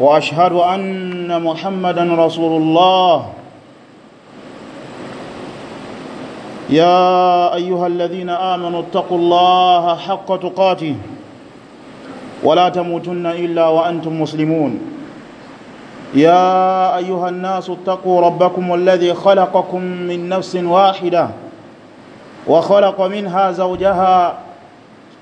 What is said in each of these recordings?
وأشهد أن محمدا رسول الله يا أيها الذين آمنوا اتقوا الله حق تقاته ولا تموتن إلا وأنتم مسلمون يا أيها الناس اتقوا ربكم الذي خلقكم من نفس واحدة وخلق منها زوجها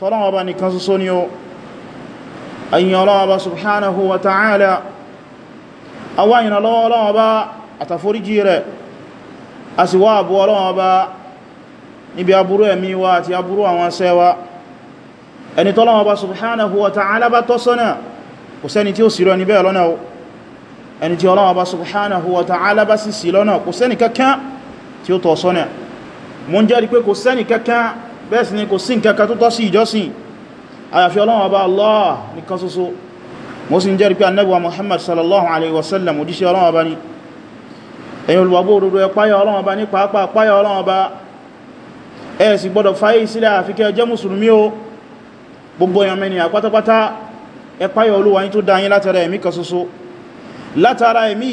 tọ́lọ́wọ́ bá nìkan ṣoṣo ni o ayin ọlọ́wọ́ bá subhanahu wa ta'ala awá ìrànlọ́wọ́ ọlọ́wọ́ bá àtàforíjì rẹ̀ a sì wá àbú ọlọ́wọ́ bá níbi aburú ẹ̀mí wa àti aburú àwọn sẹ́wa ẹni tọ́lọ́wọ́ bá subhanahu wa ta'ala bá tọ́sọ́nà kò sẹ́ni tí ó sì rọ bẹ́ẹ̀ lọ́nà ẹni tí ọlọ́wọ́ bá subhanahu wa ta'ala bá sì sí lọ́nà kò sẹ́ni kankan tí ó tọ́sọ́nà mo ń jẹ́rìí pé kò sẹ́ni kankan bẹ́ẹ̀ sì ni kò sí nǹkan kan tó tọ́ sí ìjọsìn àyàfi Ọlọ́run Ọba Allah nìkan ṣoṣo mo sì ń jẹ́rìí pé Ànábì wa Muhammad sallallahu alaihi wasallam òjíṣẹ́ Ọlọ́run Ọba ni ẹ̀yin olùwàgbọ́ òdodo ẹ páyà Ọlọ́run Ọba ní pàápàá páyà Ọlọ́run Ọba ẹ sì gbọ́dọ̀ fáyé sílẹ̀ àfi kẹ́ jẹ́ mùsùlùmí o gbogbo èèyàn mẹ́ni àpátápátá ẹ páyà Olúwa yín tó dá yín látara ẹ̀mí kan ṣoṣo látara ẹ̀mí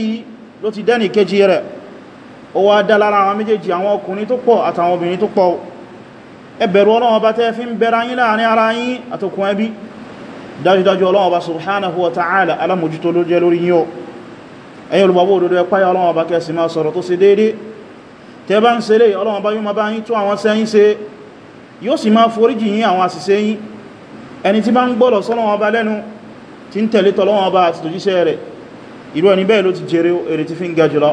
ẹbẹ̀rù ọlọ́wọ́ bá tẹ́ fi ń bẹ̀rẹ̀ yín láàrin ara yín àtọkùn ẹbí dájúdájú ọlọ́wọ́ bá subhanahu wa ta'ala alámòjútó ló jẹ́ lórí yíò ẹ̀yin olùgbàwó òdodo ẹpáyà ọlọ́wọ́ bá kẹsì máa sọ̀rọ̀ tó ṣe déédé tẹ́ bá ń ṣe lè ọlọ́wọ́ bá yíò máa bá yín tún àwọn sẹ́yìn ṣe yóò sì máa foríjì yín àwọn àṣìṣe yín ẹni tí bá ń gbọ́lọ̀ sọ́lọ́wọ́ bá lẹ́nu tí ń tẹ̀lé tọ́lọ́wọ́ bá àti tòjíṣẹ́ rẹ̀ ìlú ẹni bẹ́ẹ̀ ló ti jèrè èrè tí fi ń ga jùlọ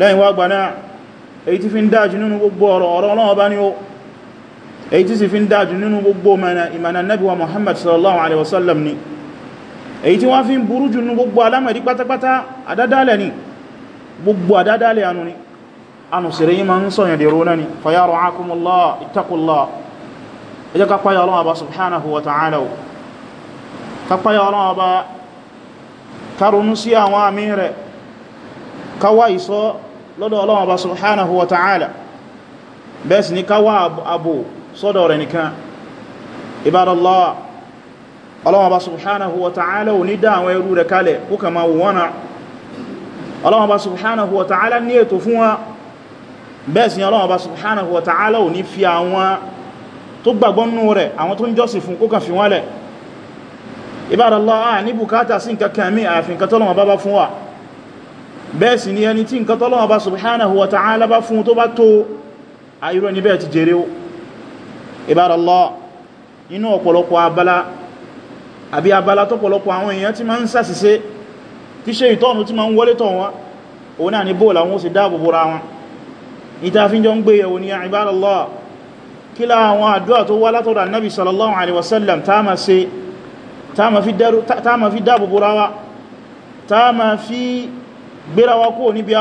lẹ́yìn wá gbaná èyí tí fi ń dájú nínú gbogbo ọ̀rọ̀ ọ̀rọ̀ ọlọ́wọ́ bá ní ó èyí tí sì fi ń dájú nínú gbogbo ìmànà nabi wa muhammad sallallahu alaihi wasallam ni èyí tí wọ́n fi ń burú jù nínú gbogbo alámẹ̀dí pátápátá àdádálẹ̀ ni gbogbo àdádálẹ̀ anu ni anu sì rí ma ń sọ̀yàn dèrò náà ni fa ya ra'akumullah ittaqullah ẹ jẹ́ ká páyà Ọlọ́run Ọba ni ká àbò sọ́dọ̀ rẹ̀ nìkan ibadallá ọlọ́wọ́n bá subhanahu wa ta'ala ò ní dá àwọn ẹrú rẹ̀ kalẹ̀ kúkà ma wọ́nà ọlọ́wọ́n bá subhanahu wa ta'ala ní ètò fún wa bẹ́ẹ̀ sí ọlọ́wọ́n bá subhanahu wa ta'ala ò ní fi àwọn tó gbàgbọ́nú rẹ̀ àwọn tó ń jọ́sìn fún kúkà fi wọ́n lẹ̀ ibadallá a ní bukata sí nǹkan kẹmí ìbáralọ́ inú ọ̀pọ̀lọpọ̀ abala àbí abala tó pọ̀lọpọ̀ àwọn èèyàn tí ma ń sàṣìṣe tí ṣe ìtọ́nù tí ma ń wọlé tọ̀ wọn òun náà ni bóòlà wọn ó sì dáàbò bóra wọn ìtàfíjọ ń gbé yẹ̀wò ní ìbáralọ́ kí láwọn àdúrà tó wá látọ̀dọ̀ annabi sallallahu alaihi wasallam tá ma fi dáàbò bóra wa tá ma fi gbéra wa kó níbi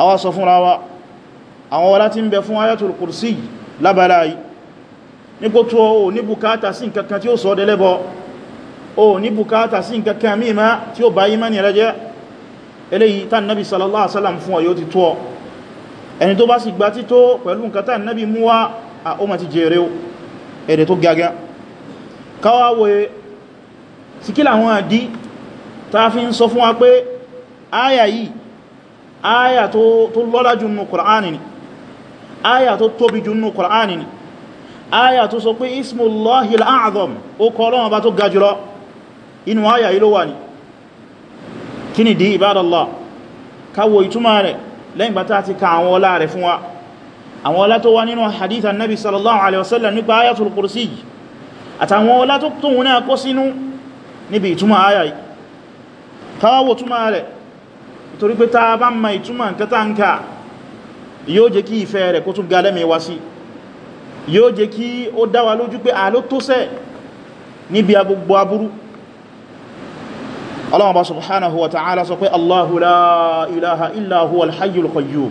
àwa sọ fúnra wa àwọn ọlá tí ń bẹ fún ayatul kursi lábàlá yìí nípò tó o ní bùkátà sí nǹkankan tí ó sọ dẹ́lẹ́bọ o ní bùkátà sí nǹkankan mímá tí ó bá yí mẹ́ni rẹ jẹ́ eléyìí tán nabi sallallahu alaihi wasallam fún ọ̀yọ́ ti tó ọ ẹni tó bá sì gbà nabi mú wá a ó gaga káwàwé síkílà àwọn àdí ta fi ń sọ fún wa aya tó lọ́lá jù nù kùránì ni aya tó tóbi jù nù kùránì ni aya tó sọ pé ismullahi al'azam ó kọ Ọlọ́run bá tó ga jùlọ inú aya yìí ló wà ní kí ni dí ibadallah káwọ ìtumọ̀ rẹ̀ lẹ́yìn bá ta ka àwọn ọlá rẹ̀ fún wa àwọn ọlá tó wá nínú hadith annabi sallallahu alaihi wasallam nípa torí pé ta bá ma ìtumọ̀ nǹkan tá ń ká yóò jẹ́ kí ìfẹ́ rẹ̀ kó tún ga lẹ́mìí wá sí yóò jẹ́ kí ó dá wa lójú pé àló tó sẹ́ níbi agbogbo aburú Allah bá subhanahu wa ta'ala sọ pé Allahu la ilaha illa al-hayyul qayyum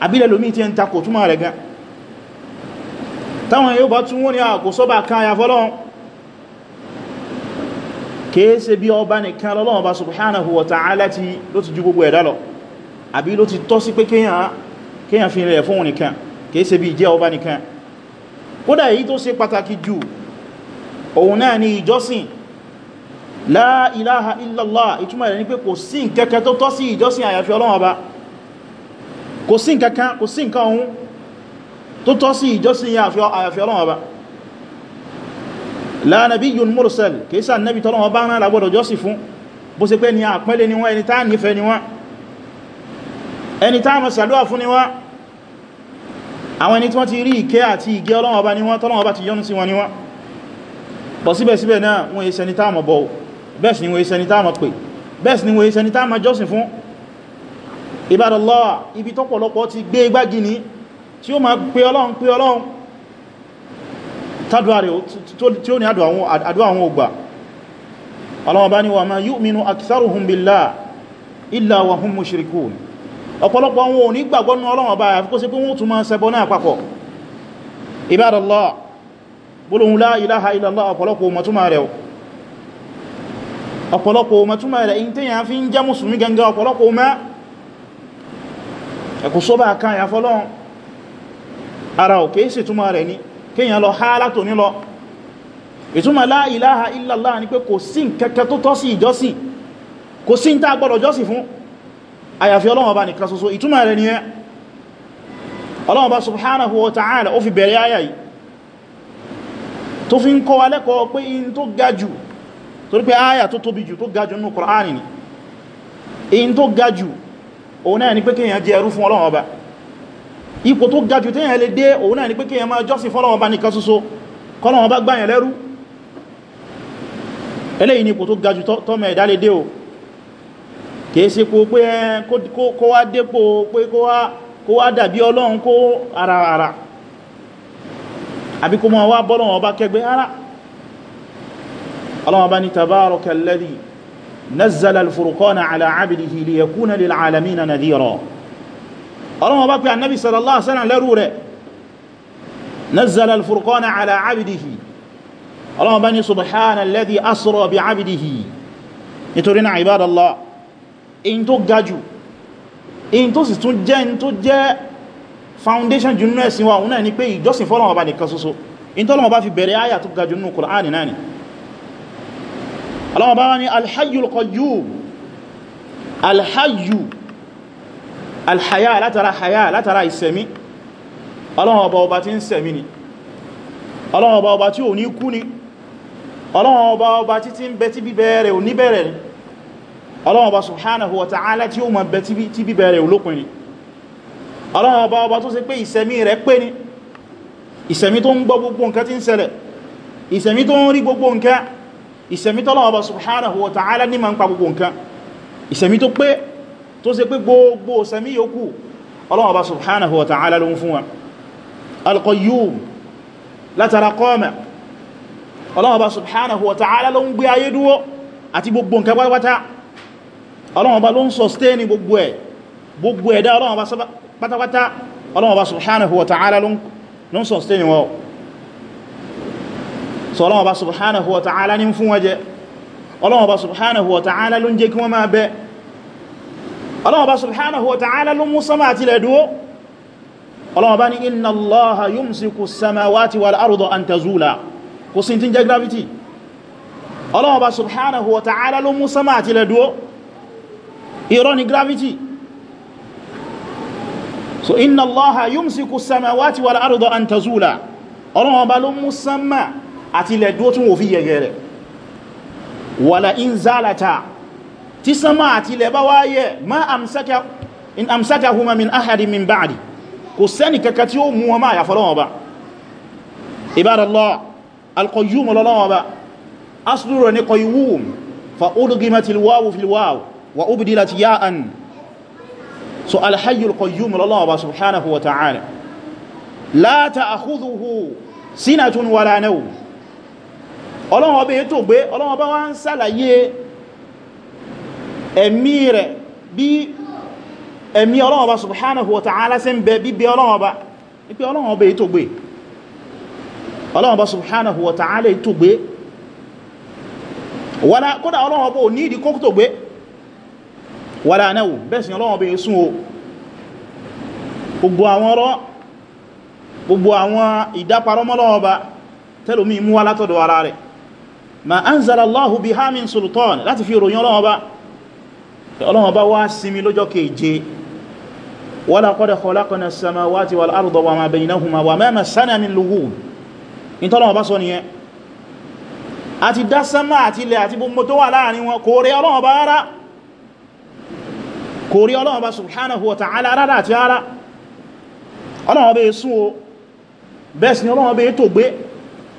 àbílẹ̀ lómi tí ń takò túnmà rẹ̀ gan táwọn yóò bá tún wọ́n ní àkó sọ́bà kan ya fọ́lọ́run kéése bí ọba nìkan lọ́lọ́run bá subhanahu wa ta'ala ti ló ti ju gbogbo ẹ̀dá lọ àbí ló ti tọ́ sí pé kéyàn fi rẹ̀ fún nìkan kéése bí jẹ́ ọba nìkan kódà èyí tó ṣe pàtàkì jù òun náà ni ìjọsìn la ilaha illallah ìtumọ̀ rẹ̀ ni pé kò sí nkẹ́kẹ́ tó tọ́ sí ìjọsìn àyàfi Ọlọ́run ọba kò sí nǹkankan kò sí nǹkan ohun tó tọ́ sí ìjọsìn yà àyàfi Ọlọ́run Ọba la nabiyyun mursal kìísà nabi tọ́lọ́wọ́ bá rán lágbọ́dọ̀ jọ́sìn fún bó ṣe pé ní àpẹ́lẹ̀ ni wọ́n ẹni tá nífẹ́ ni wọ́n ẹni tá mọ̀ sàdúwà fún ni wọ́n àwọn ẹni tí wọ́n ti rí ìkẹ́ àti ìgẹ́ Ọlọ́run Ọba ni wọ́n tọ́lọ́run Ọba ti yọ́nú sí wọn ni wọ́n bọ̀ síbẹ̀síbẹ̀ náà wọ́n èsẹni tá mọ̀ bọ̀ bẹ́ẹ̀ sì ni wọ́n èsẹni tá mọ̀ pè bẹ́ẹ̀ sì ni wọ́n èsẹni tá mọ̀ jọ́sìn fún Ibadallah ibi tó pọ̀lọpọ̀ ti gbé igbági ní tí ó ma pé Ọlọ́run pé Ọlọ́run tí ó ní àdúwà àwọn ògbà Ọlọ́run bá ní wa ma yu'minu aktharuhum billah illa wa hum mushrikun ọ̀pọ̀lọpọ̀ wọn ò ní gbàgbọ́ nínú Ọlọ́run bá àfikó sí pé wọ́n tún ma ń ṣẹbọ náà papọ̀ Ibadallah gbólóhùn la ilaha illallah ọ̀pọ̀lọpọ̀ mọ̀túnmà ẹ̀kù sọ́bà kan ya fọ́lọ́run ara òkè sì túnmà rẹ̀ ní kíyàn lọ ha látò ní lọ ìtumọ̀ la ilaha illallah ni pé kò sí kẹ́kẹ́ tó tọ́ sí ìjọsìn kò sí tá gbọ́dọ̀ jọ́sìn fún àyàfi Ọlọ́run Ọba nìkan ṣoṣo ìtumọ̀ rẹ̀ ni ẹ Ọlọ́run Ọba subhanahu wa tó gajù òun náà ni pé kíyàn jẹ ẹrú fún Ọlọ́run ọba ipò tó gajù tí yàn lè dé òun náà ni pé kíyàn máa jọ́sìn fọ́lọ́run ọba nìkan ṣoṣo kọ́lọ́run ọba gbáyàn lẹ́rú eléyìí ni ipò tó gajù tọ́mọ ẹ̀dá lè dé o kìí ṣe kó pé kó wá dépò pé kó wá dàbí Ọlọ́run kó ara نزل الفرقان على عبده ليكون للعالمين نذيرا ọlọ́wọ́ bá pé annabi sallallahu alaihi wasallam lẹ́rú rẹ̀ نزل الفرقان على عبده ọlọ́wọ́ bá ní subhana alladhi asra bi abdihi nítorí náà ibadallah in tó gajù in tó sì tún jẹ́ in tó jẹ́ foundation jù nínú ẹ̀sìn wa òun náà ni pé ìjọsìn fọ́lọ́wọ́ bá nìkan ṣoṣo in tọ́lọ́wọ́ bá fi bẹ̀rẹ̀ áyà tó gajù nínú Kùránì náà aláwọ̀ bá wá ní alhayyul qayyum alhayyu alhaya látara haya látara ìsẹ̀mí ọlọ́wọ̀ ọba ọba tí ń sẹ̀mí ni ọlọ́wọ̀ ọba ọba tí ò ní kú ni ọlọ́wọ̀ ọba ọba tí ti ń bẹ tí bíbẹ̀rẹ̀ ò ní bẹ̀rẹ̀ ni ọlọ́wọ̀ ọba subhanahu wa ta'ala tí ó ma bẹ tí bíbẹ̀rẹ̀ ò lópin ni ọlọ́wọ̀ ọba ọba tó ṣe pé ìsẹ̀mí rẹ̀ pé ni ìsẹ̀mí tó ń gbọ́ gbogbo nǹkan tí ń ṣẹlẹ̀ ìsẹ̀mí tó ń rí gbogbo nǹkan ìsẹ̀mítọ́lọ́wọ́ bá subhanahu wa ta'ala ní ma ń pa gbogbo nǹkan ìsẹ̀mí tó pé tó ṣe pé gbogbo ìsẹ̀mí yòókù ọlọ́wọ́ bá subhanahu wa ta'ala ló ń fún wa al-qayyum látara qama ọlọ́wọ́ bá subhanahu wa ta'ala ló ń gbé ayé dúró àti gbogbo nǹkan pátápátá ọlọ́wọ́ ló ń sustain so Ọlọ́run Ọba subhanahu wa ta'ala ní fún wọ́jẹ́ Ọlọ́run Ọba subhanahu wa ta'ala ló ń jẹ́ kí wọ́n máa bẹ́ Ọlọ́run Ọba subhanahu wa ta'ala ló mú sánmà àti ilẹ̀ dúó Ọlọ́run Ọba ní inna Allaha yumsiku samawati wal arda an tazula kò sí tí jẹ́ gravity Ọlọ́run Ọba subhanahu wa ta'ala ló mú sánmà àti ilẹ̀ dúó ni gravity so inna Allaha yumsiku samawati wal arda an tazula Ọlọ́run Ọba ló mú sánmà àti ilẹ̀ dúó tún wò fi yẹ̀gẹ̀ rẹ̀ wàlà in zálata tí sánmà àti ilẹ̀ bá wáyẹ̀ ma amsaka in amsaka huma min ahadi min ba'di kò sẹ́ni kankan tí ó mú wọn máa yàfọ́lọ́wọ́ ba ibadallah alqayyum lọ́lọ́wọ́ ba asdúrò ní qayyum fa udgimatil wawu fil wawu wa so alhayyul qayyum lọ́lọ́wọ́ ba subhanahu wa ta'ala la ta'khudhuhu sinatun wala nawm ọlọ́run ọba ètò gbé ọlọ́run ọba wá ń sàlàyé ẹ̀mí rẹ̀ bí ẹ̀mí ọlọ́run ọba subhanahu wa ta'ala sí ń bẹ bíbẹ ọlọ́run ọba ipé ọlọ́run ọba ètò gbé ọlọ́run ọba subhanahu wa ta'ala ètò gbé wala kódà ọlọ́run ọba ò ní ìdí kókò tó gbé wala náwó bẹ́ẹ̀ sì ọlọ́run ọba èsùn tẹ́lòmí mú wá látọ̀dọ̀ ara rẹ̀ ma anzala Allahu biha min sultan láti fi ròyìn ọlọ́wọ́ bá ọlọ́wọ́ bá wá sinmi lọ́jọ́ keje wa laqad khalaqna as-samawati wal arda wa ma baynahuma wa ma massana min lughub ìtọ́lọ́wọ́ bá sọ nìyẹn àti dá sánmà àti ilẹ̀ àti gbogbo tó wà láàrin wọn kò rí ọlọ́wọ́ bá rárá kò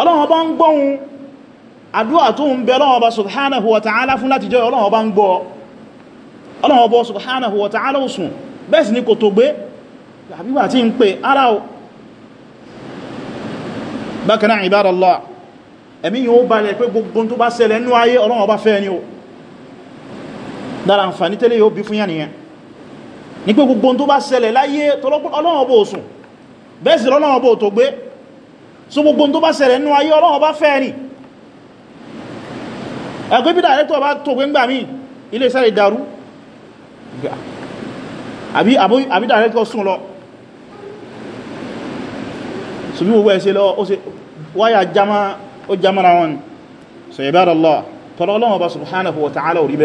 ọlọ́run ọba ń gbọ́hun àdúwà tó ń bẹ ọlọ́run ọba subhanahu wa ta'ala fún láti jẹ́ ọlọ́run ọba ń gbọ́ ọlọ́run ọba subhanahu wa ta'ala òsùn bẹ́ẹ̀ sì ni kò tó gbé àbíwà tí ń pè ara o bákan náà ibadallah ẹ̀mí yóò balẹ̀ pé gbogbo tó tó gbé so gbogbo tó bá ṣẹlẹ̀ nínú ayé Ọlọ́run bá fẹ́ ni ẹgbẹ́ bí dàrẹ́tọ̀ bá tó gbẹ́ngbà mí ilé sáré dàrú àbí dàrẹ́tọ̀ sùn lọ so bí gbogbo ẹ̀ṣẹ́ lọ ó ṣe wáyà jamara wọn so yẹ bára lọ tọ́lọ Ọlọ́run bá subhanahu wa ta'ala orí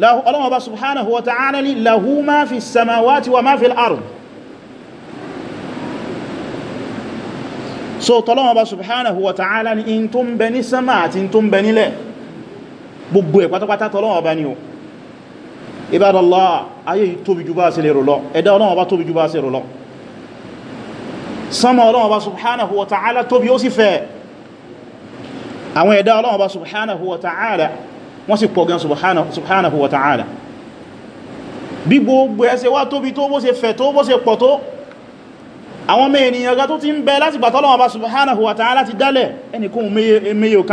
ọlọ́wọ́ bá subhanahu wa ta'ala ní lahu ma fi samawati wa ma fi al'arun so tọ́lọ́wọ́ bá subhanahu wa ta'ala ní in tó ń bẹ ní sama àti in tó ń bẹ nílẹ̀ gbogbo ẹ̀ pátápátá tọ́lọ́wọ́ bá ní o ibadallah ayé tóbi jù bá sí lè rọlọ ẹ̀dá ọlọ́wọ́ bá tóbi jù wọ́n sì pọ̀ gan subhanahu wa ta'ala bí gbogbo ẹsẹ wá tóbi tó bó ṣe fẹ̀ tó bó ṣe pọ̀ tó àwọn mẹ́ ènìyàn ga tó ti ń bẹ láti gbà tọ́lọ́wọ́ bá subhanahu wa ta'ala ti dálẹ̀ ẹnikún mẹ́yẹ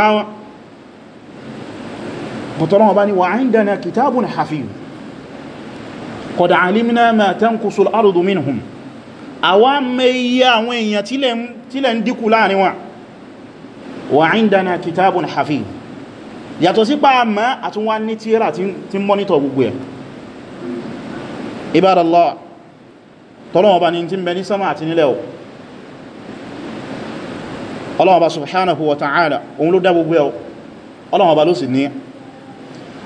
wa 'indana kitabun hafiz yàtọ̀ sípa àmá àtúnwá ní tíra tí mọ́nítọ̀ gbogbo ẹ̀ ibadallá tọ́lọ́wọ́ bá ní tí ń bẹ ní sánmà àti nílẹ̀ ọ̀ ọlọ́wọ́ bá subhanahu wa ta'ala òun ló dá gbogbo ẹ̀ ọlọ́wọ́ bá ló sì ní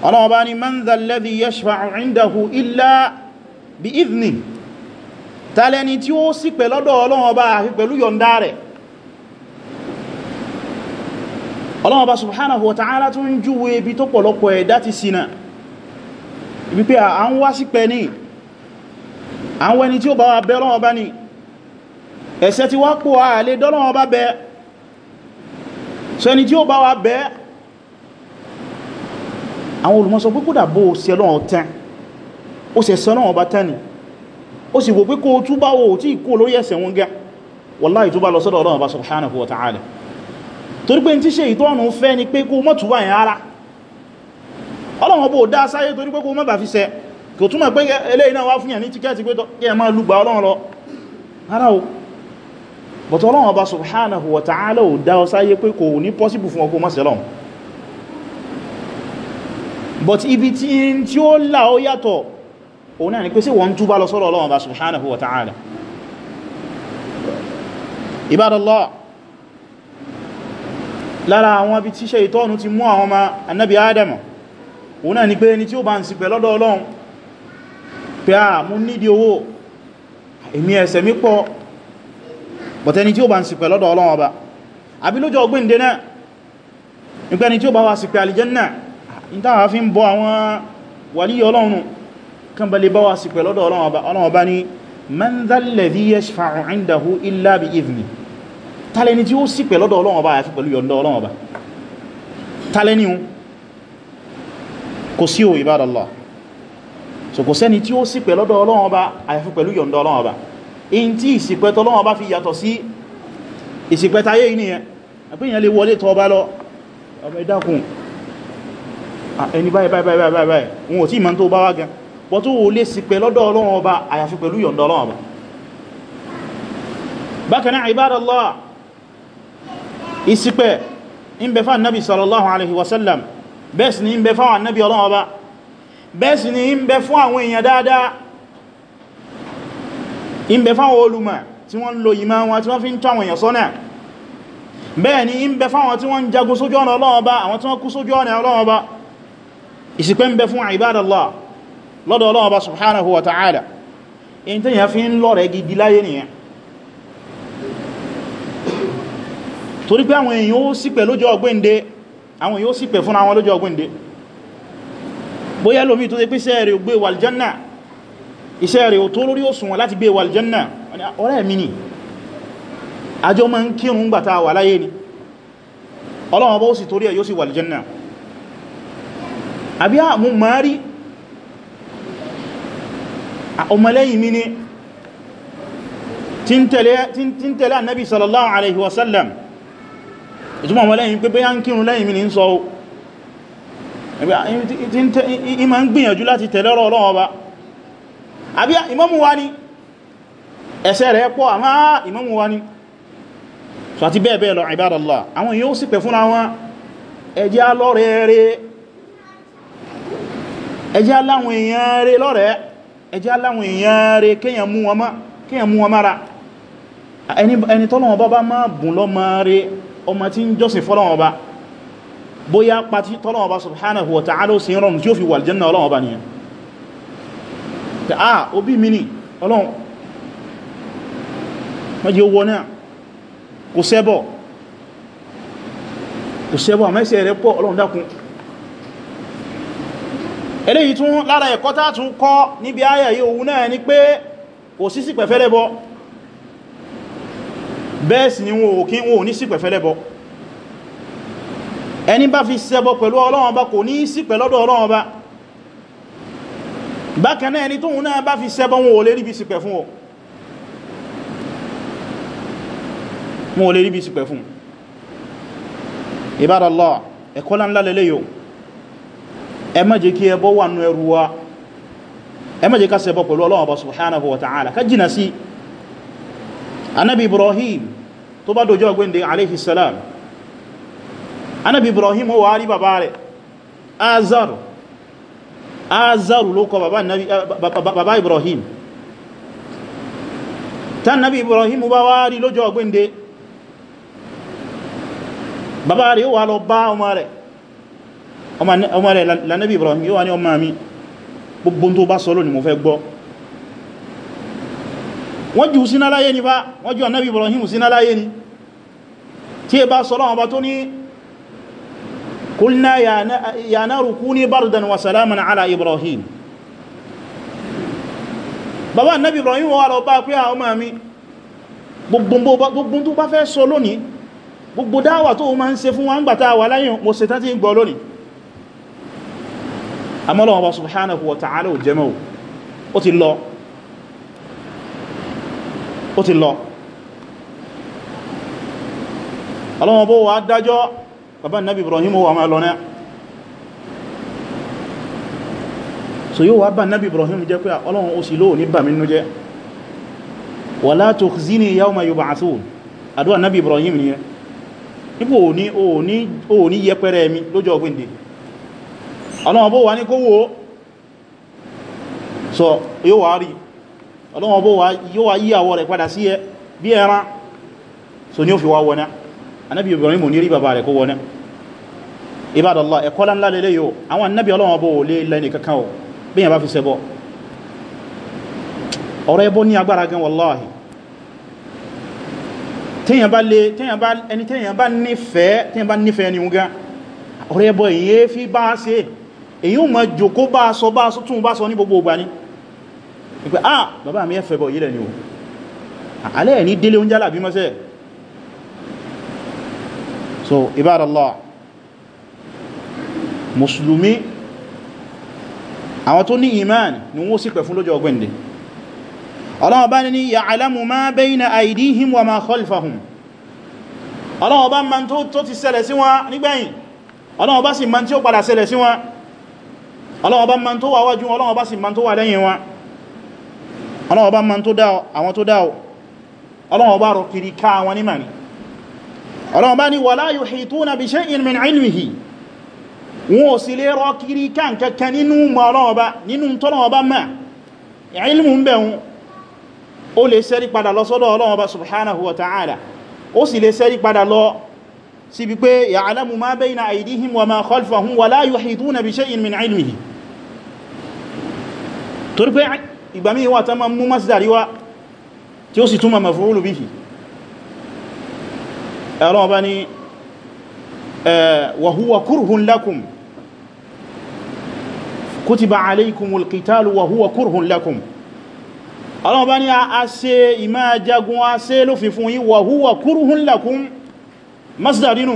ọlọ́wọ́ bá ní man dhal ladhi ọlọ́wọ́ bá subhanahu wa ta'ala tún júwe ibi tó pọ̀lọpọ̀ ẹ̀dá ti ṣìnà ibi pé à ń wá sí pẹ ní àwọn ẹni tí ó bá wà bẹ́ ọlọ́wọ́ bá ní ẹ̀ṣẹ̀ ti wá pò ààlẹ́ dọ́lọ́wọ́ bá bẹ́ so ẹni tí ó bá wà bẹ́ àwọn olùmọ́sọ pé kódà bó ṣe lọ́wọ́ tán ni ó sì wò pé kó túbáwò tí kó lórí ẹ̀ṣẹ̀ wọn gá wallahi tó bá lọ sọ́dọ̀ ọlọ́wọ́ subhanahu wa ta'ala torí pé tí ṣe ìtọ́nù fẹ́ ni pé kó mọ́túwà yẹn ara ọlọ́wọ́n bó dá sáyé torí pé kó mọ́ fi sẹ kò túnmọ̀ pé eléyìí náà wá fún yà ní tíkẹ́ẹ̀tì pé kí ẹ máa lùgbà ọlọ́run but ọlọ́run subhanahu wa ta'ala ò dá possible fún ọkọ̀ mọ́sẹ̀ but ibi tí in tí ni pé sí wọ́n túbá lọ subhanahu wa ta'ala ibadallah lára àwọn bí tíṣẹ́ ìtọ́nù ti mú àwọn ọmọ annabi adam òun náà ni pé ẹni tí ó bá ń ṣìpẹ̀ lọ́dọ̀ ọlọ́run pé à mú nídi owó èmi ẹ̀ṣẹ̀ mi pọ̀ bọ̀tẹ́ ni tí ó bá ń ṣìpẹ̀ lọ́dọ̀ ọlọ́run ọba àbí lọ́jọ́ ọgbìnde náà nípa ẹni tí ó bá wá ṣìpẹ̀ lọ́dọ̀ ọlọ́run ọba tàlẹ́ni tí ó sì pẹ̀ lọ́dọ̀ Ọlọ́run Ọba àyàfi pẹ̀lú yọ̀ndọ̀ Ọlọ́run Ọba tàlẹ́ni un kò sí o ibadallah so kò sẹ́ni tí ó sì pẹ̀ lọ́dọ̀ Ọlọ́run Ọba àyàfi pẹ̀lú yọ̀ndọ̀ Ọlọ́run Ọba in tí ìsìpẹ̀ tọ́lọ́run Ọba fi yàtọ̀ sí ìsìpẹ̀ tayé yìí ìṣìpẹ̀ ń bẹ fún nabi sallallahu alaihi wasallam bẹ́ẹ̀ sì ni ń bẹ fún àwọn nabi Ọlọ́run Ọba bẹ́ẹ̀ sì ni ń bẹ fún àwọn èèyàn dáadáa ń bẹ fún àwọn olùmọ̀ tí wọ́n lo ìmọ̀ wọn tí wọ́n fi ń tọ́ àwọn èèyàn sọ́nà bẹ́ẹ̀ ni ń àwọn tí wọ́n torí pé àwọn èèyàn ó sípẹ̀ lọ́jọ́ ọgbẹ́ndé àwọn èèyàn ó sípẹ̀ fún àwọn lọ́jọ́ ọgbẹ́ndé bóyá lómi tó tẹ́ pé iṣẹ́ rẹ̀ gbé wàljanna iṣẹ́ rẹ̀ ò tó lórí òsùnwọ̀n láti gbé wàljanna ọ̀rẹ́ mi ni àjọ ma ń kírun gbàta wà láyé ni Ọlọ́run tí ń tẹ̀lé annabi sallallahu alaihi wasallam ìtumọ̀ wọn lẹ́yìn pé bóyá ń kírun lẹ́yìn mi ní sọ o ìmọ̀ ń gbìyànjú láti tẹ̀lé ọ̀rọ̀ Ọlọ́run Ọba àbí ìmámù wa ni ẹ̀ṣẹ̀ rẹ̀ pọ̀ àmá ìmámù wa ni so àti bẹ́ẹ̀ bẹ́ẹ̀ lọ ibadallah àwọn yóò sì pẹ̀ fúnra wọn ẹjẹ́ alọ́rẹ̀ẹ́rẹ́ ẹjẹ́ aláwọn èèyàn rẹ̀ lọ́rẹ̀ ẹjẹ́ aláwọn èèyàn rẹ̀ ẹni tọ́lọ́wọ́n bá bá má bùn lọ́mọ rẹ̀ ọmọ tí ń jọ́sìn fọ́lọ́wọ́n ọba bóyá pàtí tọ́lọ́wọ́n ọba subhanahu wa ta'ala ó sì ń rọrùn tí ó fi wà aljanna ọlọ́wọ́n ọba nìyàn tà á òbí mi ni ọlọ́wọ́n mọ́jẹ́ owó náà kò sẹ́bọ̀ kò sẹ́bọ̀ àmẹ́sẹ̀ rẹ̀ pọ̀ bẹ́ẹ̀ sì ni wọn ò kí wọn ò ní sí pẹ̀fẹ́lẹ́bọ ẹni bá fi ṣẹbọ pẹ̀lú Ọlọ́run Ọba kò ní sí pẹ̀lọ́dọ̀ Ọlọ́run Ọba bákan náà ẹni tóhun náà bá fi ṣẹbọ wọn ò lè ríbi sípẹ̀ fún wọn ò lè ríbi sípẹ̀ fún Ibadallah ẹ̀kọ́ láńlá ká ṣẹbọ pẹ̀lú Ọlọ́run Ọba subhanahu wa ta'ala ká jìnà sí Ànábì Ibrahim tó bá dojọ́ gbẹ́ndẹ̀ alayhi salam anabi ibrahim wà rí bàbá rẹ̀ azar azar ló kọ bàbá ibrahim tán nabi ibrahim bá wá rí lójọ́ gbẹ́ndẹ̀ bàbá rẹ̀ wà lọ bá ọmọ rẹ̀ ọmọ rẹ̀ lanabi ibrahim yíwa ní ọmọ mi gbogbo tó bá sọ lónìí mo fẹ́ gbọ́ wọ́n jù síná láyé ni bá wọ́n jù ànábì Ibrahim síná láyé ni tí ẹ bá sọ́lọ́ ọba tó ní kulna ya naru kuni bardan wa salaman ala Ibrahim bàbá ànábì Ibrahim wọ́n wà lọ bá pé àwọn ah, ọmọ mi gbogbo bá fẹ́ sọ lónìí gbogbo dáwà tó máa ń fún wọn gbàtà wà láyé mo ṣe tán tí gbọ́ lónìí amọ́lọ́wọ́ ó ti lọ ọlọ́wọ́n bó wà dájọ́ bàbá nabi ibrahim wà máa lọ náà so yóò wá bá nabi ibrahim jẹ́ pé ọlọ́wọ́n ó sì lóò ní bà mínú jẹ́ wala tukhzini yawma yub'athun àdúwà nabi ibrahim ni ipò òní yẹpẹrẹ mi lójọ́ ọgbìndì ọlọ́wọ́n bó wà ní kówó so yóò wà rí ọlọ́wọ́n bó yóò wá yí àwọ̀ rẹ̀ padà sí ẹ bí ẹran so ni ó fi wá wọ́ná anábi Ibrahim ní rí bàbá rẹ̀ kó wọ́ná Ibadallah ẹ̀kọ́ láńlá lélẹ́ yóò àwọn anábi ọlọ́wọ́n bó lé lẹ́ni kankan o bí yẹn bá fi ṣẹbọ ọ̀rọ̀ ẹbọ ní agbára gan wallahi téèyàn bá lé téèyàn bá ẹni téèyàn bá nífẹ̀ẹ́ téèyàn bá nífẹ̀ẹ́ ni ni pé ah bàbá mi ẹ̀fẹ́ bọ̀ yílẹ̀ ni o alẹ́ ẹ̀ ní délé oúnjẹ́ àbí mọ́sẹ̀ so ibadallah musulumi àwọn tó ní iman ni wọ́n ṣìpẹ̀ fún lọ́jọ́ ọgbẹ̀ndẹ̀ Ọlọ́hun bá ní ya'lamu ma bayna aydihim wa ma khalfahum Ọlọ́hun bá ma tó ti ṣẹlẹ̀ sí wọn nígbẹ̀yìn Ọlọ́hun bá sì ma tí ó padà ṣẹlẹ̀ sí wọn Ọlọ́hun ma tó wà wájú Ọlọ́hun sì ma tó wà lẹ́yìn wọn ọlọ́wọ́ bá máa tó dáọ àwọn tó dáọ ọlọ́wọ́ bá rọ kiri ká àwọn ní mani ọlọ́wọ́ bá ní wala yuhituna bi shay'in min ilmihi wọn ò sì lè rọ kiri ká nkankan nínú mọ̀ ọlọ́wọ́ bá nínú tọ́lọ́wọ́ bá máa ilmu ń bẹ̀hun ó lè sẹ́rí padà lọ sọ́dọ̀ ọlọ́wọ́ bá subhanahu wa ta'ala torí pé ìgbà míì wà tán ma mú masdari wá tí ó sì túnmà maf'ulu bihi ẹ̀rọ ọba ni wa huwa kurhun lakum kutiba alaykumul qitalu wa huwa kurhun lakum ọlọ́run ọba ni a ṣe ìmá jagun a ṣe lófin fún yín wa huwa kurhun lakum masdari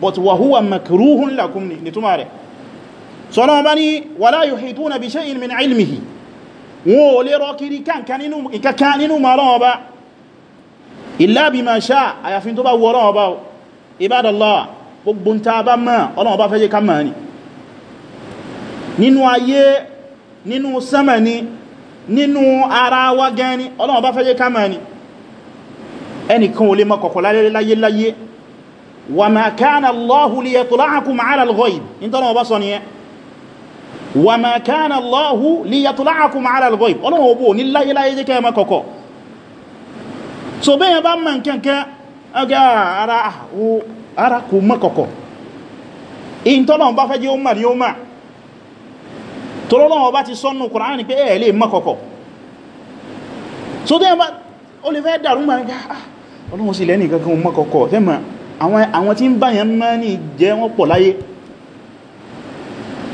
but wa huwa makruhun lakum ni túnmà rẹ̀ sọ́lọ́run ọba ni wala yuhituna bi shay'in min ilmihi wọn ò lè rọ́kiri kankan nínú mọ́rán ọba illa bima sha àyàfin tó bá wọ́rán ọba ibadallah gbogbo ń ta bá mọ́ ọlọ́ọba fẹ́ jẹ́ ká mọ́ ni nínú ayé nínú sánmà ni nínú ara wa gan ni ọlọ́ọba fẹ́ jẹ́ ká ma kana Allahu wa ma kana Allahu liyatla'akum 'ala al-ghayb ọlọ́run ọbọ̀ ní láyéláyé jẹ́ kẹ́ẹ̀mọ́ kọ̀kọ́ so bẹ́yẹn bá mọ̀ kẹ́kẹ́ ọgá ara ah, kò mọ́ kọ̀kọ́ in tọ́lọ̀ bá fẹ́ jẹ́ ó mà ah, ní ó mà tọ́lọ́lọ́wọ́ bá ti sọ́nù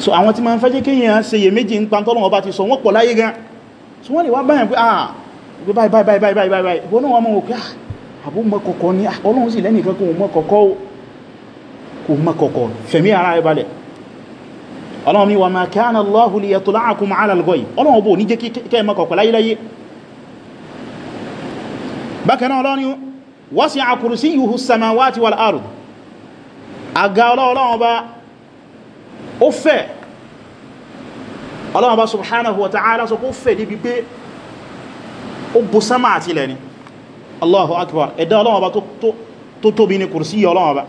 so àwọn tí ma ń fẹ́ jẹ́ kí èyàn ṣe yẹ méjì ń pàntọ́ lọ́wọ́ bá ti sọ wọ́n pọ̀ láyé gan so wọ́n lè wá báyàn pé ah báyìí báyìí báyìí báyìí báyìí ìwọ náà wọ́n mọ̀ òkè àbú mọ́ kọ̀kọ́ ní ọlọ́run sì lẹ́nìkan kò mọ́ kọ̀kọ́ kò mọ́ kọ̀kọ́ fẹ̀mí ara rẹ̀ balẹ̀ ọlọ́run ni wa ma kana Allahu liyatla'akum ó fẹ̀ ọlọ́wọ́n bá subhanahu wa ta'ala sọ kó fẹ̀ níbi pé ó bú sánmà àti ilẹ̀ ni Allahu akbar ẹ̀dá ọlọ́wọ́n bá tó tóbi ní kùrsí ọlọ́wọ́n bá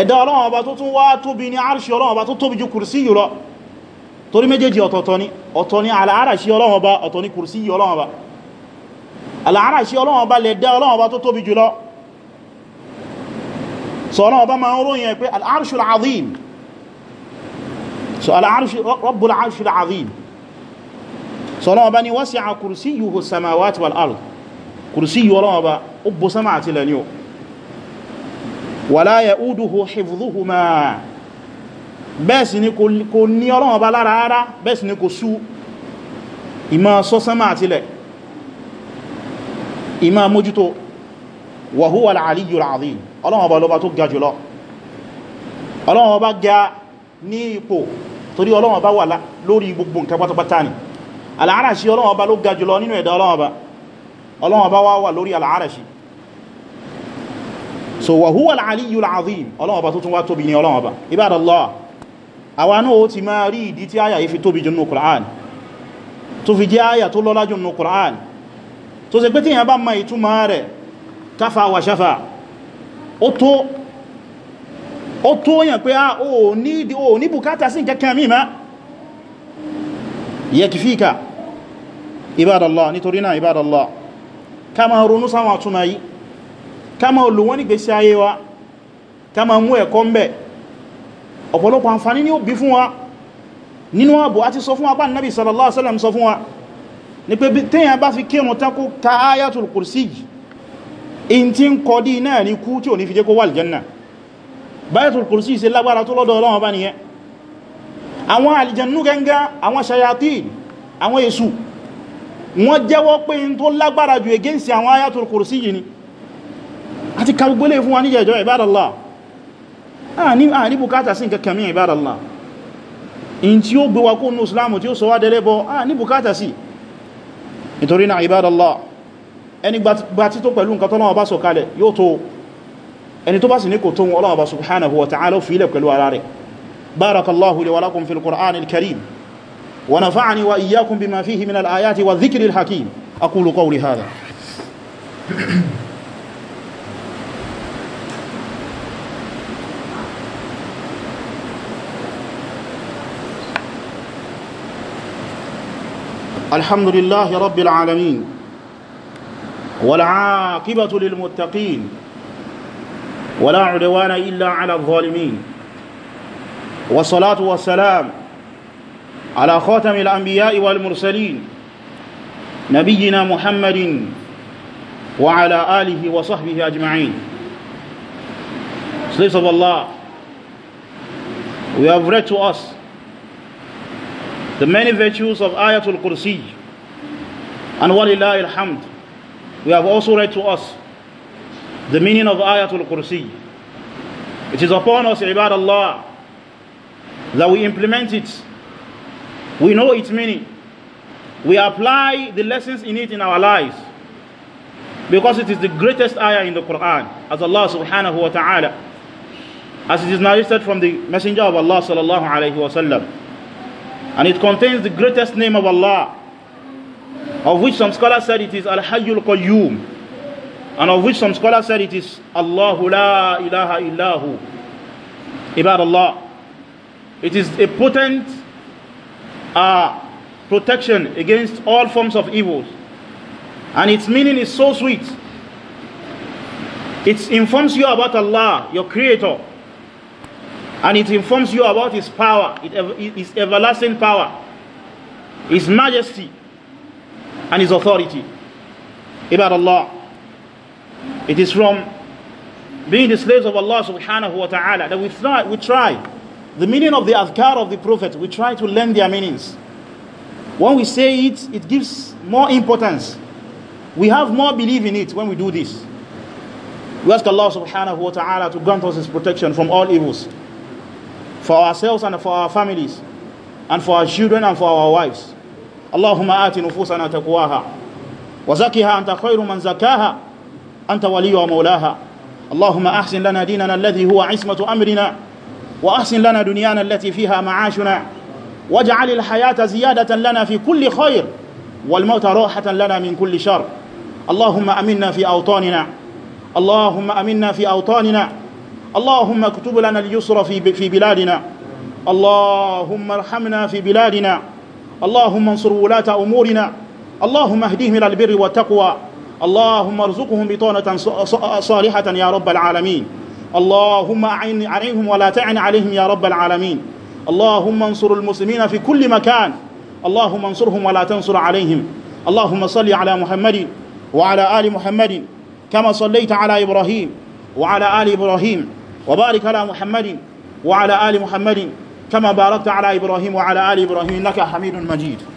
ẹ̀dá ọlọ́wọ́n bá tó tún wá tóbi ní arṣi ọlọ́wọ́n bá tó tóbi ju kùrsí yìí lọ torí méjèèjì ọ̀tọ̀ọ̀tọ̀ ni ọ̀tọ̀ ni àlàáràṣí ọlọ́wọ́n bá ọ̀tọ̀ ni kùrsí yìí ọlọ́wọ́n bá àlàáràṣí so al'arshi rabbul arshi al'azim so Ọlọ́run Ọba ni wasi'a kursiyyuhu samawati wal ard kursiyyu Ọlọ́run Ọba ó bo sama àti ilẹ̀ ni ó wala ya'uduhu hifdhuhuma bẹ́ẹ̀ sì ni kò ní Ọlọ́run Ọba lára ara bẹ́ẹ̀ sì ni kò sú ìmá sọ ní ipò torí Ọlọ́run bá wà lórí gbogbo nǹkan pátápátá ni al'arashi Ọlọ́run bá ló ga jùlọ nínú ẹ̀dá Ọlọ́run bá wà lórí al'arashi so wa huwa al-aliyyul azim Ọlọ́run bá tó tún wá tóbi ní Ọlọ́run bá ibadallah àwa náà ó ti máa rí ìdí tí àyà yìí fi tóbi jù nínú Qur'an tó fi jẹ́ àyà tó ó tó yàn pé a ah, ò ní bùkátà sí kẹkàn mímá yakfika ibadallah nítorí náà ibadallah ká ma ronú sáwọn àtúnmà yìí ká ma olùwọ́n ní gbèsè ayé wa ká ma mú ẹ̀kọ́ mbẹ̀ ọ̀pọ̀lọpọ̀ àǹfàní ní ó bí fún wa nínú ààbò àti sọ fún wa pàdé nabi sallallahu alaihi wasallam sọ fún wa ní pé téèyàn bá fi kírun tán kó ka ayatul yìí in ti ń kọ́ dí náà ní kú tí ò ní fi jẹ́ kó wà aljanna Bayatul Kursi ṣe lágbára tó lọ́dọ̀ Ọlọ́run bá nìyẹn àwọn àlìjànnú gẹ́ngá àwọn shayatin àwọn èṣù wọ́n jẹ́wọ́ pé in tó lágbára jù egéǹsì àwọn Ayatul Kursi yìí ni a ti kàrùgbélé fún wa níjẹ̀jọ́ ìbádàlá a ní bùkátà sí nǹkan kàmí ìbádàlá in tí ó gbé wa kó nù islamu tí ó sọ wá dẹ́lẹ́bọ a ní bùkátà sí nítorí náà ìbádàlá ẹni gbàtí tó pẹ̀lú nǹkan tọ́lọ́wọ́ bá sọ kalẹ̀ yóò tó ẹni tó bá sì ní kò tó wọn ọlọ́wọ́ sùhánà wa ta'ala fi ilẹ̀ pẹ̀lú ara rẹ̀ barakallahu li wa lakum fil qur'an al-karim wa na nafa'ani wa iyyakum bima fihi min al-ayati wa dhikri al-hakim aqulu qawli hadha الحمد لله رب العالمين والعاقبة للمتقين ولا عدوان إلا على الظالمين والصلاة والسلام على خاتم الأنبياء والمرسلين نبينا محمد وعلى آله وصحبه أجمعين Slaves of Allah We have read to us the many virtues of Ayatul Kursi and Walillahi alhamd. We have also read to us the meaning of Ayatul Kursi. It is upon us, Ibad Allah, that we implement it. We know its meaning. We apply the lessons in it in our lives. Because it is the greatest ayah in the Quran, as Allah subhanahu wa ta'ala, as it is narrated from the Messenger of Allah sallallahu alayhi wa sallam. And it contains the greatest name of Allah, of which some scholars said it is Al Hayyul Qayyum and of which some scholars said it is Allahu la ilaha illahu about Allah it is a potent uh, protection against all forms of evils and its meaning is so sweet it informs you about Allah your creator and it informs you about his power his everlasting power his majesty and his authority about Allah it is from being the slaves of Allah subhanahu wa ta'ala that we try, we try. The meaning of the adhkar of the Prophet, we try to learn their meanings. When we say it, it gives more importance. We have more belief in it when we do this. We ask Allah subhanahu wa ta'ala to grant us His protection from all evils. For ourselves and for our families. And for our children and for our wives. اللهم آت نفوسنا تقواها وزكها anta خير من زكاها أنت ولي ومولاها اللهم أحسن لنا ديننا الذي هو عصمة أمرنا وأحسن لنا دنيانا التي فيها معاشنا واجعل الحياة زيادة لنا في كل خير والموت راحة لنا من كل شر اللهم أمنا في أوطاننا اللهم أمنا في أوطاننا اللهم اكتب لنا اليسر في في بلادنا اللهم ارحمنا في بلادنا اللهم انصر ولاة أمورنا اللهم اهديهم إلى البر والتقوى اللهم ارزقهم بطانة صالحة يا رب العالمين اللهم أعن عليهم ولا تعن عليهم يا رب العالمين اللهم انصر المسلمين في كل مكان اللهم انصرهم ولا تنصر عليهم اللهم صل على محمد وعلى آل محمد كما صليت على إبراهيم وعلى آل إبراهيم وبارك على محمد وعلى آل محمد كما باركت على إبراهيم وعلى آل إبراهيم إنك حميد مجيد